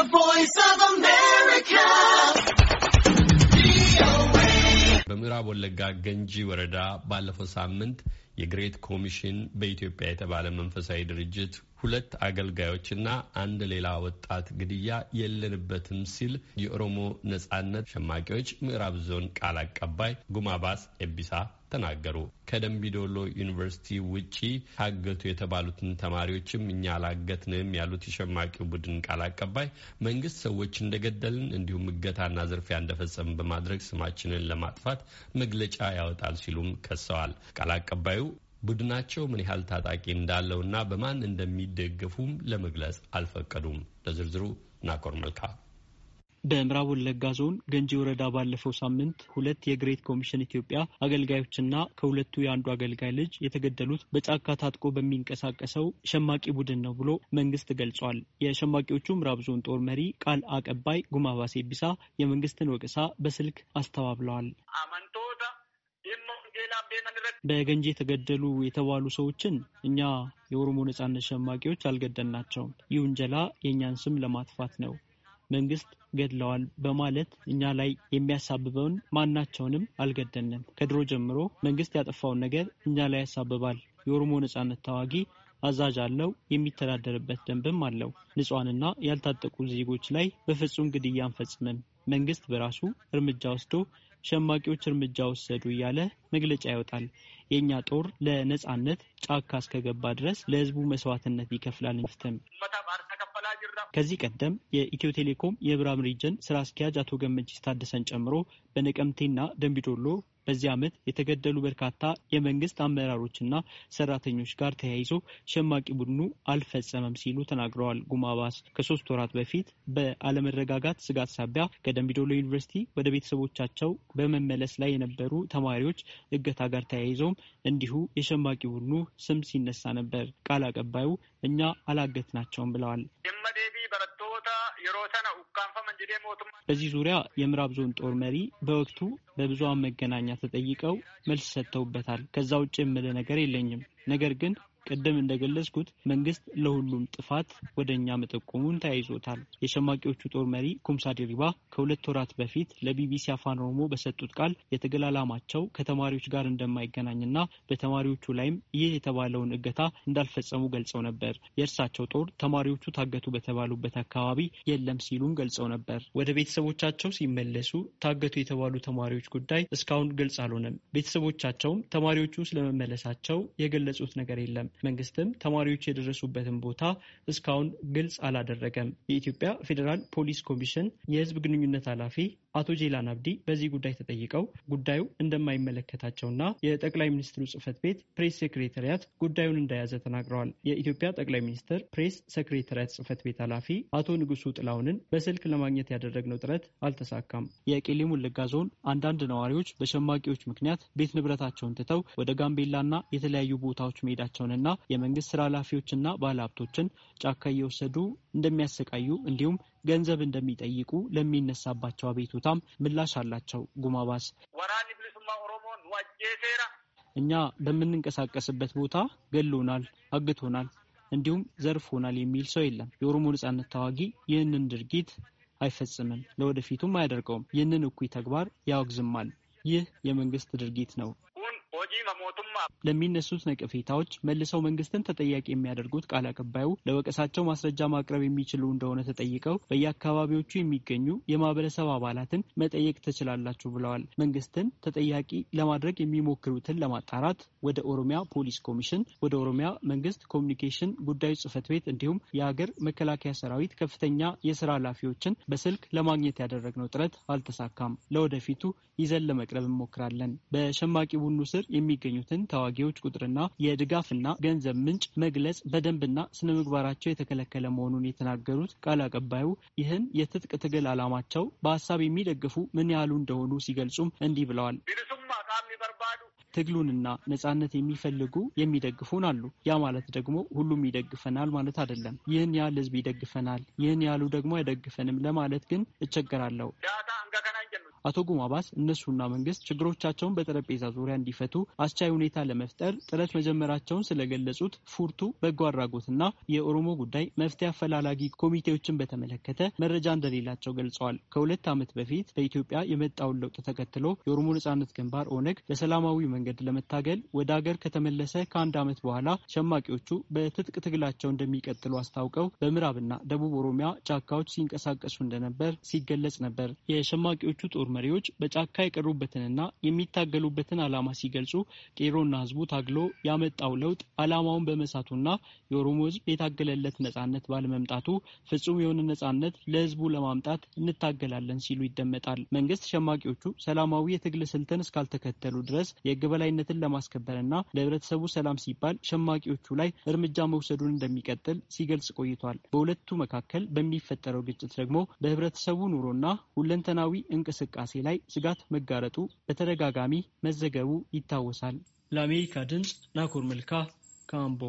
The Voice of America. በምዕራብ ወለጋ ገንጂ ወረዳ ባለፈው ሳምንት የግሬት ኮሚሽን በኢትዮጵያ የተባለ መንፈሳዊ ድርጅት ሁለት አገልጋዮችና አንድ ሌላ ወጣት ግድያ የለንበትም ሲል የኦሮሞ ነጻነት ሸማቂዎች ምዕራብ ዞን ቃል አቀባይ ጉማባስ ኤቢሳ ተናገሩ። ከደምቢዶሎ ዩኒቨርሲቲ ውጪ ታገቱ የተባሉትን ተማሪዎችም እኛ አላገትንም ያሉት የሸማቂው ቡድን ቃል አቀባይ መንግስት ሰዎች እንደገደልን እንዲሁም እገታና ዝርፊያ እንደፈጸምን በማድረግ ስማችንን ለማጥፋት መግለጫ ያወጣል ሲሉም ከሰዋል። ቃል አቀባዩ ቡድናቸው ምን ያህል ታጣቂ እንዳለውና በማን እንደሚደገፉም ለመግለጽ አልፈቀዱም። ለዝርዝሩ ናኮር መልካ በምዕራብ ወለጋ ዞን ገንጂ ወረዳ ባለፈው ሳምንት ሁለት የግሬት ኮሚሽን ኢትዮጵያ አገልጋዮችና ከሁለቱ የአንዱ አገልጋይ ልጅ የተገደሉት በጫካ ታጥቆ በሚንቀሳቀሰው ሸማቂ ቡድን ነው ብሎ መንግስት ገልጿል። የሸማቂዎቹ ምዕራብ ዞን ጦር መሪ ቃል አቀባይ ጉማባሴ ቢሳ የመንግስትን ወቀሳ በስልክ አስተባብለዋል። በገንጂ የተገደሉ የተባሉ ሰዎችን እኛ የኦሮሞ ነጻነት ሸማቂዎች አልገደልናቸውም። ይህ ውንጀላ የእኛን ስም ለማጥፋት ነው። መንግስት ገድለዋል በማለት እኛ ላይ የሚያሳብበውን ማናቸውንም አልገደልንም። ከድሮ ጀምሮ መንግስት ያጠፋውን ነገር እኛ ላይ ያሳብባል። የኦሮሞ ነጻነት ታዋጊ አዛዥ አለው፣ የሚተዳደርበት ደንብም አለው። ንጹሐንና ያልታጠቁ ዜጎች ላይ በፍጹም ግድያ አንፈጽምም። መንግስት በራሱ እርምጃ ወስዶ ሸማቂዎች እርምጃ ወሰዱ እያለ መግለጫ ያወጣል። የእኛ ጦር ለነጻነት ጫካ እስከገባ ድረስ ለህዝቡ መስዋዕትነት ይከፍላል። ፍትም ከዚህ ቀደም የኢትዮ ቴሌኮም የብራም ሪጅን ስራ አስኪያጅ አቶ ገመችስ ታደሰን ጨምሮ በነቀምቴና ደንቢዶሎ በዚህ ዓመት የተገደሉ በርካታ የመንግስት አመራሮችና ሰራተኞች ጋር ተያይዞ ሸማቂ ቡድኑ አልፈጸመም ሲሉ ተናግረዋል። ጉማባስ ከሶስት ወራት በፊት በአለመረጋጋት ስጋት ሳቢያ ከደምቢዶሎ ዩኒቨርሲቲ ወደ ቤተሰቦቻቸው በመመለስ ላይ የነበሩ ተማሪዎች እገታ ጋር ተያይዘውም እንዲሁ የሸማቂ ቡድኑ ስም ሲነሳ ነበር። ቃል አቀባዩ እኛ ናቸውም ብለዋል። በዚህ ዙሪያ የምዕራብ ዞን ጦር መሪ በወቅቱ በብዙሃን መገናኛ ተጠይቀው መልስ ሰጥተውበታል። ከዛ ውጭ የምል ነገር የለኝም። ነገር ግን ቅድም እንደገለጽኩት መንግስት ለሁሉም ጥፋት ወደ እኛ መጠቆሙን ተያይዞታል። የሸማቂዎቹ ጦር መሪ ኩምሳ ዲሪባ ከሁለት ወራት በፊት ለቢቢሲ አፋን ኦሮሞ በሰጡት ቃል የትግል ዓላማቸው ከተማሪዎች ጋር እንደማይገናኝና በተማሪዎቹ ላይም ይህ የተባለውን እገታ እንዳልፈጸሙ ገልጸው ነበር። የእርሳቸው ጦር ተማሪዎቹ ታገቱ በተባሉበት አካባቢ የለም ሲሉም ገልጸው ነበር። ወደ ቤተሰቦቻቸው ሲመለሱ ታገቱ የተባሉ ተማሪዎች ጉዳይ እስካሁን ግልጽ አልሆነም። ቤተሰቦቻቸውም ተማሪዎቹ ስለመመለሳቸው የገለጹት ነገር የለም። መንግስትም ተማሪዎች የደረሱበትን ቦታ እስካሁን ግልጽ አላደረገም። የኢትዮጵያ ፌዴራል ፖሊስ ኮሚሽን የህዝብ ግንኙነት ኃላፊ አቶ ጄላን አብዲ በዚህ ጉዳይ ተጠይቀው ጉዳዩ እንደማይመለከታቸውና የጠቅላይ ሚኒስትሩ ጽህፈት ቤት ፕሬስ ሴክሬታሪያት ጉዳዩን እንደያዘ ተናግረዋል። የኢትዮጵያ ጠቅላይ ሚኒስትር ፕሬስ ሴክሬታሪያት ጽህፈት ቤት ኃላፊ አቶ ንጉሱ ጥላሁንን በስልክ ለማግኘት ያደረግነው ጥረት አልተሳካም። የቄሌ ሙለጋ ዞን አንዳንድ ነዋሪዎች በሸማቂዎች ምክንያት ቤት ንብረታቸውን ትተው ወደ ጋምቤላና የተለያዩ ቦታዎች መሄዳቸውንና የመንግስት ስራ ኃላፊዎችና ባለሀብቶችን ጫካ እየወሰዱ እንደሚያሰቃዩ እንዲሁም ገንዘብ እንደሚጠይቁ ለሚነሳባቸው አቤቱታም ምላሽ አላቸው። ጉማባስ እኛ በምንንቀሳቀስበት ቦታ ገሎናል፣ አግቶናል፣ እንዲሁም ዘርፎናል የሚል ሰው የለም። የኦሮሞ ነጻነት ታዋጊ ይህንን ድርጊት አይፈጽምም፣ ለወደፊቱም አያደርገውም። ይህንን እኩይ ተግባር ያወግዝማል። ይህ የመንግስት ድርጊት ነው ለሚነሱት ነቀፌታዎች መልሰው መንግስትን ተጠያቂ የሚያደርጉት ቃል አቀባዩ ለወቀሳቸው ማስረጃ ማቅረብ የሚችሉ እንደሆነ ተጠይቀው በየአካባቢዎቹ የሚገኙ የማህበረሰብ አባላትን መጠየቅ ትችላላችሁ ብለዋል። መንግስትን ተጠያቂ ለማድረግ የሚሞክሩትን ለማጣራት ወደ ኦሮሚያ ፖሊስ ኮሚሽን፣ ወደ ኦሮሚያ መንግስት ኮሚኒኬሽን ጉዳዮች ጽህፈት ቤት እንዲሁም የሀገር መከላከያ ሰራዊት ከፍተኛ የስራ ኃላፊዎችን በስልክ ለማግኘት ያደረግነው ጥረት አልተሳካም። ለወደፊቱ ይዘን ለመቅረብ እንሞክራለን። በሸማቂ ቡድኑ ስር ስር የሚገኙትን ተዋጊዎች ቁጥርና የድጋፍና ገንዘብ ምንጭ መግለጽ በደንብና ስነ ምግባራቸው የተከለከለ መሆኑን የተናገሩት ቃል አቀባዩ ይህን የትጥቅ ትግል ዓላማቸው በሀሳብ የሚደግፉ ምን ያህሉ እንደሆኑ ሲገልጹም እንዲህ ብለዋል። ትግሉንና ነጻነት የሚፈልጉ የሚደግፉን አሉ። ያ ማለት ደግሞ ሁሉም ይደግፈናል ማለት አይደለም። ይህን ያህል ህዝብ ይደግፈናል፣ ይህን ያህሉ ደግሞ አይደግፈንም ለማለት ግን እቸገራለሁ። አቶ ጉማ ባስ እነሱና መንግስት ችግሮቻቸውን በጠረጴዛ ዙሪያ እንዲፈቱ አስቻይ ሁኔታ ለመፍጠር ጥረት መጀመራቸውን ስለገለጹት ፉርቱ በጎ አድራጎትና የኦሮሞ ጉዳይ መፍትሄ አፈላላጊ ኮሚቴዎችን በተመለከተ መረጃ እንደሌላቸው ገልጸዋል። ከሁለት ዓመት በፊት በኢትዮጵያ የመጣውን ለውጥ ተከትሎ የኦሮሞ ነጻነት ግንባር ኦነግ በሰላማዊ መንገድ ለመታገል ወደ አገር ከተመለሰ ከአንድ ዓመት በኋላ ሸማቂዎቹ በትጥቅ ትግላቸው እንደሚቀጥሉ አስታውቀው በምዕራብና ደቡብ ኦሮሚያ ጫካዎች ሲንቀሳቀሱ እንደነበር ሲገለጽ ነበር። የሸማቂዎቹ ጦር መሪዎች በጫካ የቀሩበትንና የሚታገሉበትን ዓላማ ሲገልጹ ቄሮና ህዝቡ ታግሎ ያመጣው ለውጥ ዓላማውን በመሳቱና የኦሮሞ ህዝብ የታገለለት ነጻነት ባለመምጣቱ ፍጹም የሆነ ነጻነት ለህዝቡ ለማምጣት እንታገላለን ሲሉ ይደመጣል። መንግስት ሸማቂዎቹ ሰላማዊ የትግል ስልትን እስካልተከተሉ ድረስ የህግ በላይነትን ለማስከበርና ለህብረተሰቡ ሰላም ሲባል ሸማቂዎቹ ላይ እርምጃ መውሰዱን እንደሚቀጥል ሲገልጽ ቆይቷል። በሁለቱ መካከል በሚፈጠረው ግጭት ደግሞ በህብረተሰቡ ኑሮና ሁለንተናዊ እንቅስቃሴ እንቅስቃሴ ላይ ስጋት መጋረጡ በተደጋጋሚ መዘገቡ ይታወሳል። ለአሜሪካ ድምፅ ናኮር መልካ ካምቦ